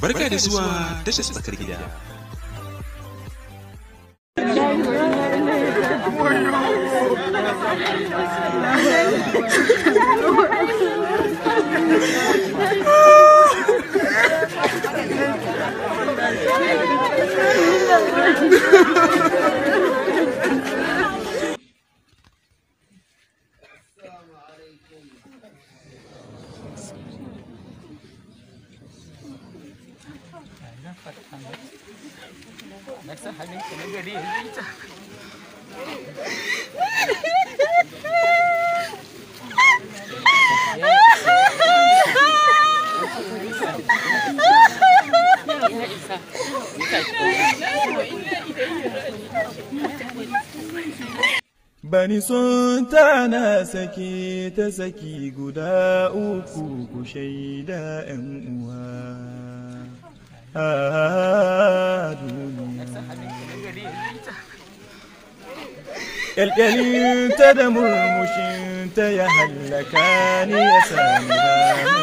Barka da zuwa tashar tsakar gida. Ha ha ha! نفس حاجة انت نجا ليه انت bani son tana sake ta saki guda uku ku shaida 'yan uwa الجليل تدم المشين يا هلكان يا سامران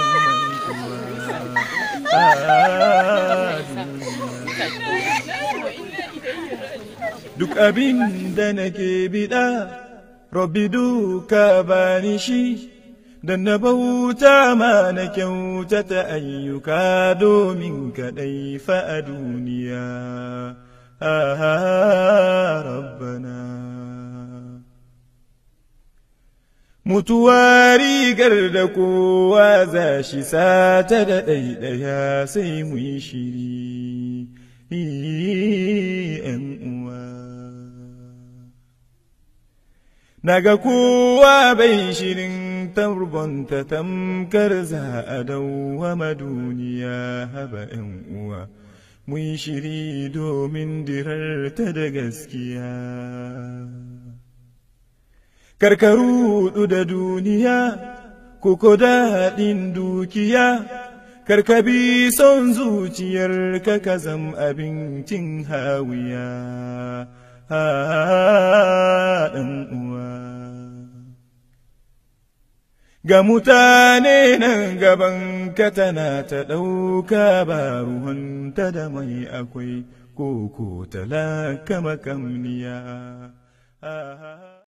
duk abin da nake bida rabbi duka bani shi don na bauta ma na kyautata ayyuka domin kaɗai fa a duniya aha rabbana mutuwa rigar da kowa za shi sata da ɗaiɗaya sai mu yi shiri Naga kowa bai shirin tarbonta tamkar za a dawwama duniya haba ‘yan uwa, mun shiri domin dirarta da gaskiya. Karkaru da duniya, kuko daɗin dukiya, karkabi son zuciyar ka zam abincin hawiya. ɗan uwa. Ga mutane nan gaban ka tana ta ɗauka ba ruhanta da mai akwai koko talaka makamniya. Ah, ah, ah.